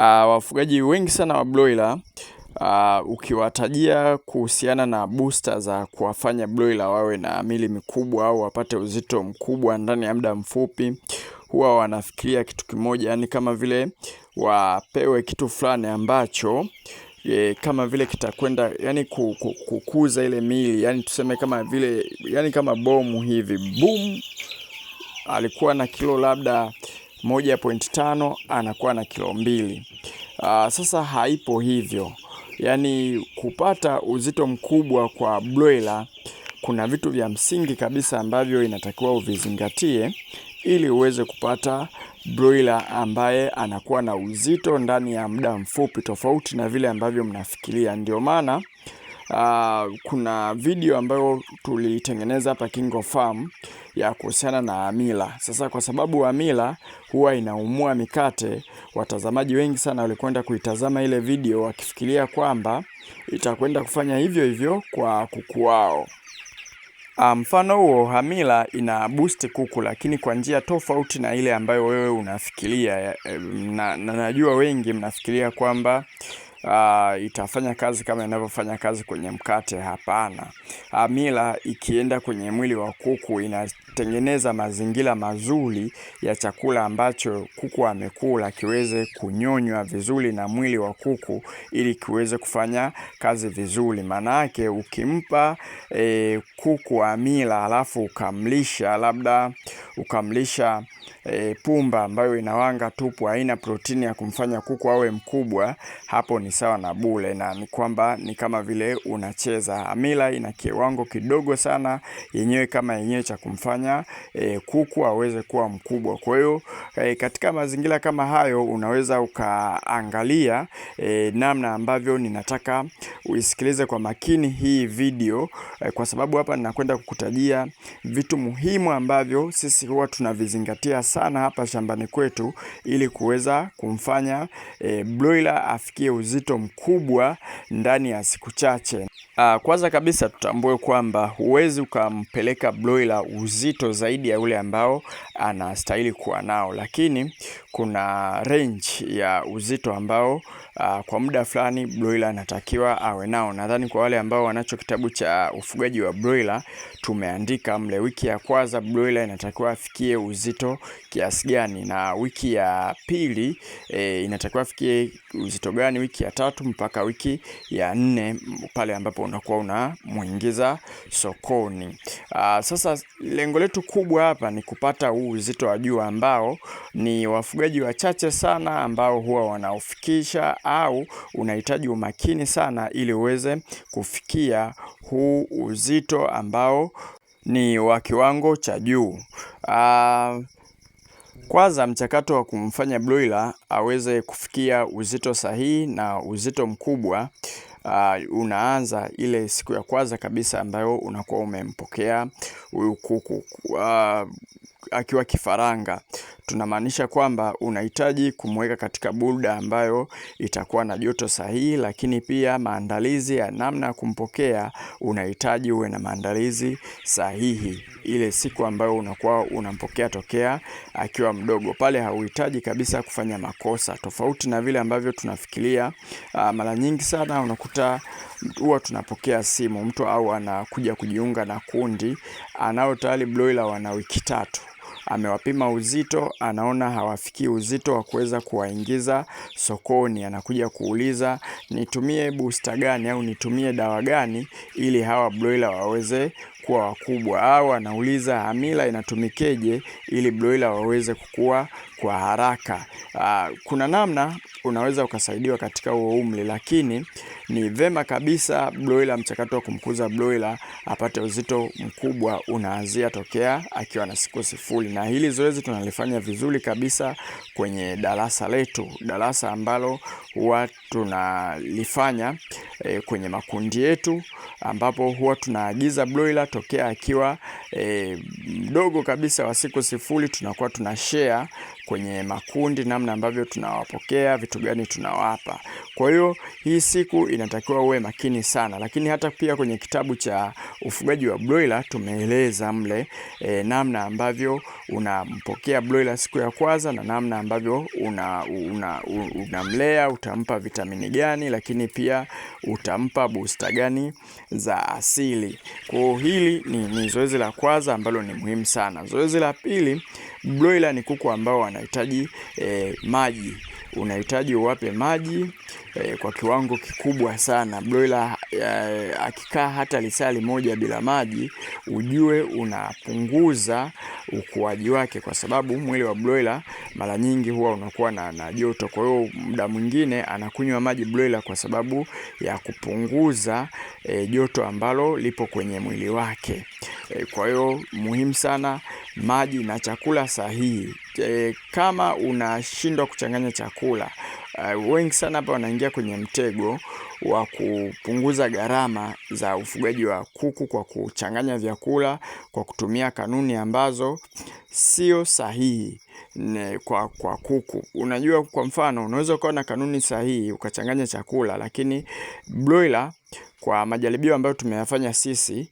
Uh, wafugaji wengi sana wa broiler uh, ukiwatajia kuhusiana na booster za kuwafanya broiler wawe na mili mikubwa au wapate uzito mkubwa ndani ya muda mfupi, huwa wanafikiria kitu kimoja, yani kama vile wapewe kitu fulani ambacho E, kama vile kitakwenda yani kukuza ile mili yani tuseme kama vile yani kama bomu hivi boom, alikuwa na kilo labda tano anakuwa na kilo mbili. Aa, ah, sasa haipo hivyo, yaani kupata uzito mkubwa kwa broiler kuna vitu vya msingi kabisa ambavyo inatakiwa uvizingatie ili uweze kupata broiler ambaye anakuwa na uzito ndani ya muda mfupi, tofauti na vile ambavyo mnafikiria. Ndio maana ah, kuna video ambayo tulitengeneza hapa Kingo Farm ya kuhusiana na amila. Sasa kwa sababu amila huwa inaumua mikate, watazamaji wengi sana walikwenda kuitazama ile video wakifikiria kwamba itakwenda kufanya hivyo hivyo kwa kuku wao. Ah, mfano huo hamila ina boost kuku, lakini kwa njia tofauti na ile ambayo wewe unafikiria eh, na, na najua wengi mnafikiria kwamba uh, itafanya kazi kama inavyofanya kazi kwenye mkate. Hapana. Amila ah, ikienda kwenye mwili wa kuku inatengeneza mazingira mazuri ya chakula ambacho kuku amekula kiweze kunyonywa vizuri na mwili wa kuku ili kiweze kufanya kazi vizuri. yake ukimpa e, kuku amila alafu ukamlisha labda ukamlisha e, pumba ambayo inawanga tupu haina protini ya kumfanya kuku awe mkubwa, hapo ni ni sawa na bule, na ni kwamba ni kama vile unacheza. Hamira ina kiwango kidogo sana yenyewe kama yenyewe cha kumfanya e, kuku aweze kuwa mkubwa. Kwa hiyo e, katika mazingira kama hayo unaweza ukaangalia e, namna ambavyo ninataka uisikilize kwa makini hii video e, kwa sababu hapa ninakwenda kukutajia vitu muhimu ambavyo sisi huwa tunavizingatia sana hapa shambani kwetu ili kuweza kumfanya e, broiler afikie uzito uzito mkubwa ndani ya siku chache. Ah, kwanza kabisa tutambue kwamba huwezi ukampeleka broila uzito zaidi ya ule ambao anastahili kuwa nao, lakini kuna range ya uzito ambao uh, kwa muda fulani broiler anatakiwa awe nao. Nadhani kwa wale ambao wanacho kitabu cha ufugaji wa broiler tumeandika mle, wiki ya kwanza broiler inatakiwa afikie uzito kiasi gani, na wiki ya pili e, inatakiwa afikie uzito gani, wiki ya tatu mpaka wiki ya nne pale ambapo unakuwa unamuingiza sokoni. Uh, sasa lengo letu kubwa hapa ni kupata huu uzito wa juu ambao ni wafugaji wachache sana ambao huwa wanaufikisha au unahitaji umakini sana ili uweze kufikia huu uzito ambao ni wa kiwango cha juu. Uh, kwanza mchakato wa kumfanya broiler aweze kufikia uzito sahihi na uzito mkubwa uh, unaanza ile siku ya kwanza kabisa ambayo unakuwa umempokea huyu kuku uh, akiwa kifaranga, tunamaanisha kwamba unahitaji kumweka katika burda ambayo itakuwa na joto sahihi, lakini pia maandalizi ya namna ya kumpokea unahitaji uwe na maandalizi sahihi ile siku ambayo unakuwa unampokea tokea akiwa mdogo. Pale hauhitaji kabisa kufanya makosa, tofauti na vile ambavyo tunafikiria. Uh, mara nyingi sana unakuta unakuta huwa tunapokea simu, mtu au anakuja kujiunga na kundi, anao tayari broiler wana wiki tatu amewapima uzito, anaona hawafikii uzito wa kuweza kuwaingiza sokoni. Anakuja kuuliza nitumie booster gani au nitumie dawa gani ili hawa broiler waweze kuwa wakubwa, au anauliza hamila inatumikeje ili broiler waweze kukua kwa haraka. Uh, kuna namna unaweza ukasaidiwa katika huo umri, lakini ni vema kabisa broila, mchakato wa kumkuza broila apate uzito mkubwa unaanzia tokea akiwa na siku sifuri, na hili zoezi tunalifanya vizuri kabisa kwenye darasa letu, darasa ambalo huwa tunalifanya e, kwenye makundi yetu, ambapo huwa tunaagiza broila tokea akiwa e, mdogo kabisa wa siku sifuri, tunakuwa tuna share kwenye makundi, namna ambavyo tunawapokea, vitu gani tunawapa. Kwa hiyo hii siku inatakiwa uwe makini sana, lakini hata pia kwenye kitabu cha ufugaji wa broiler tumeeleza mle e, namna ambavyo unampokea broiler siku ya kwanza na namna ambavyo unamlea una, una utampa vitamini gani, lakini pia utampa booster gani za asili. Kwa hiyo hili ni, ni zoezi la kwanza ambalo ni muhimu sana. Zoezi la pili Broiler ni kuku ambao wanahitaji e, maji. Unahitaji uwape maji e, kwa kiwango kikubwa sana. Broiler e, akikaa hata lisali moja bila maji, ujue unapunguza ukuaji wake, kwa sababu mwili wa broiler mara nyingi huwa unakuwa na, na joto. Kwa hiyo muda mwingine anakunywa maji broiler kwa sababu ya kupunguza e, joto ambalo lipo kwenye mwili wake. E, kwa hiyo muhimu sana maji na chakula sahihi. E, kama unashindwa kuchanganya chakula uh, wengi sana hapa wanaingia kwenye mtego wa kupunguza gharama za ufugaji wa kuku kwa kuchanganya vyakula kwa kutumia kanuni ambazo sio sahihi ne, kwa, kwa kuku. Unajua, kwa mfano unaweza ukawa na kanuni sahihi ukachanganya chakula, lakini broiler kwa majaribio ambayo tumeyafanya sisi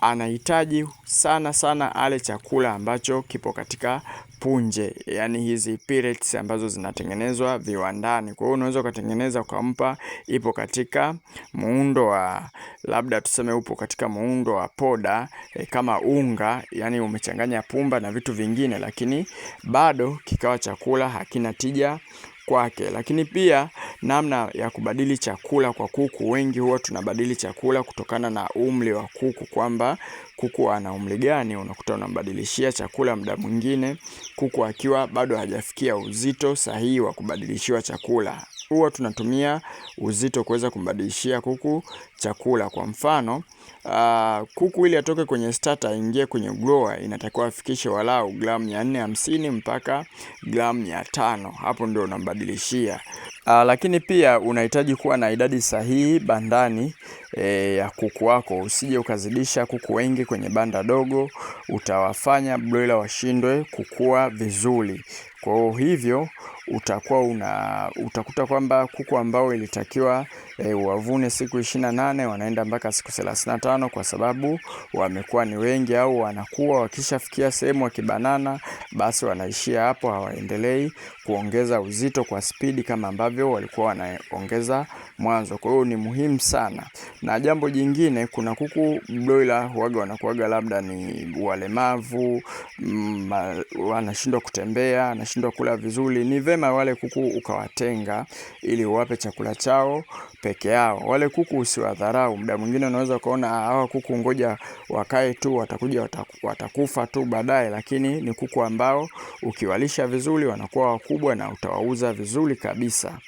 anahitaji sana sana ale chakula ambacho kipo katika punje, yani hizi pellets ambazo zinatengenezwa viwandani. Kwa hiyo unaweza ukatengeneza ukampa, ipo katika muundo wa labda tuseme upo katika muundo wa poda e, kama unga, yani umechanganya pumba na vitu vingine, lakini bado kikawa chakula hakina tija kwake. Lakini pia namna ya kubadili chakula kwa kuku, wengi huwa tunabadili chakula kutokana na umri wa kuku kwamba kuku ana umri gani, unakuta unambadilishia chakula. Muda mwingine kuku akiwa bado hajafikia uzito sahihi wa kubadilishiwa chakula, huwa tunatumia uzito kuweza kumbadilishia kuku chakula. Kwa mfano uh, kuku ili atoke kwenye starter aingie kwenye grower inatakiwa afikishe walau gramu 450 mpaka gramu tano Hapo ndio unambadilishia. Uh, lakini pia unahitaji kuwa na idadi sahihi bandani eh, ya kuku wako, usije ukazidisha kuku wengi kwenye banda dogo, utawafanya broiler washindwe kukua vizuri. Kwa hivyo utakuwa una utakuta kwamba kuku ambao ilitakiwa e, eh, wavune siku ishirini na nane wanaenda mpaka siku thelathini na tano kwa sababu wamekuwa ni wengi au wanakuwa wakishafikia sehemu wakibanana, basi wanaishia hapo, hawaendelei kuongeza uzito kwa spidi kama ambavyo walikuwa wanaongeza mwanzo. Kwa hiyo ni muhimu sana. Na jambo jingine, kuna kuku broiler huaga wanakuaga labda ni walemavu, mm, wanashindwa kutembea, anashindwa kula vizuri ni vema wale kuku ukawatenga ili uwape chakula chao peke yao. Wale kuku usiwadharau. Muda mwingine unaweza ukaona ah, hawa kuku ngoja wakae tu, watakuja watakufa tu baadaye, lakini ni kuku ambao ukiwalisha vizuri wanakuwa wakubwa na utawauza vizuri kabisa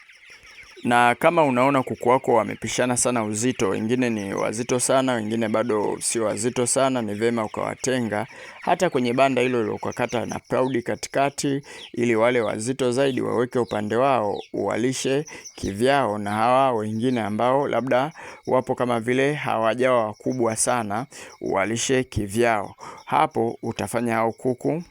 na kama unaona kuku wako wamepishana sana uzito, wengine ni wazito sana, wengine bado sio wazito sana, ni vema ukawatenga hata kwenye banda hilo lilokakata na proud katikati, ili wale wazito zaidi waweke upande wao, uwalishe kivyao, na hawa wengine ambao labda wapo kama vile hawajawa wakubwa sana, uwalishe kivyao. Hapo utafanya hao kuku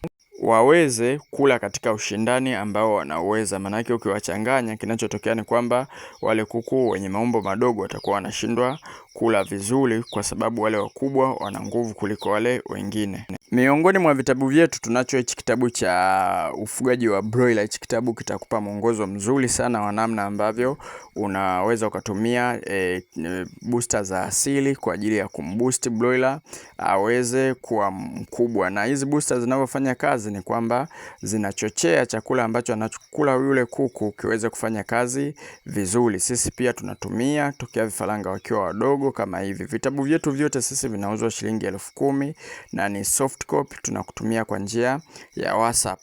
waweze kula katika ushindani ambao wanauweza. Maanake ukiwachanganya, kinachotokea ni kwamba wale kuku wenye maumbo madogo watakuwa wanashindwa kula vizuri, kwa sababu wale wakubwa wana nguvu kuliko wale wengine. Miongoni mwa vitabu vyetu tunacho hichi kitabu cha ufugaji wa broiler. Hichi kitabu kitakupa mwongozo mzuri sana wa namna ambavyo unaweza ukatumia e, e, booster za asili kwa ajili ya kumboost broiler aweze kuwa mkubwa. Na hizi booster zinavyofanya kazi ni kwamba zinachochea chakula ambacho anachokula yule kuku kiweze kufanya kazi vizuri. Sisi pia tunatumia tokea vifaranga wakiwa wadogo kama hivi. Vitabu vyetu vyote sisi vinauzwa shilingi elfu kumi na ni soft soft tunakutumia kwa njia ya WhatsApp.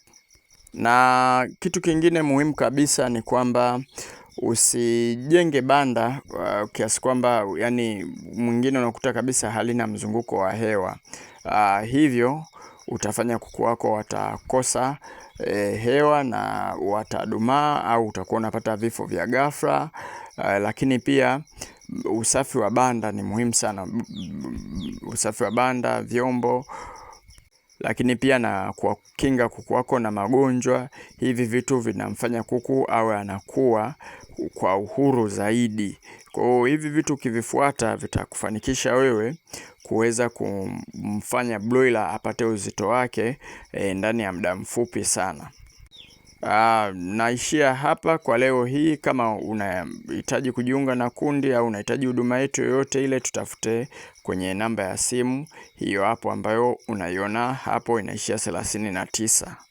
Na kitu kingine muhimu kabisa ni kwamba usijenge banda uh, kiasi kwamba yani mwingine unakuta kabisa halina mzunguko wa hewa uh, hivyo utafanya kuku wako watakosa eh, hewa na watadumaa au utakuwa unapata vifo vya ghafla. Uh, lakini pia usafi wa banda ni muhimu sana. Usafi wa banda, vyombo lakini pia na kuwakinga kuku wako na magonjwa. Hivi vitu vinamfanya kuku awe anakuwa kwa uhuru zaidi. Kwa hiyo hivi vitu ukivifuata vitakufanikisha wewe kuweza kumfanya broiler apate uzito wake e, ndani ya muda mfupi sana. Uh, naishia hapa kwa leo hii. Kama unahitaji kujiunga na kundi au unahitaji huduma yetu yoyote ile, tutafute kwenye namba ya simu hiyo hapo ambayo unaiona hapo inaishia thelathini na tisa.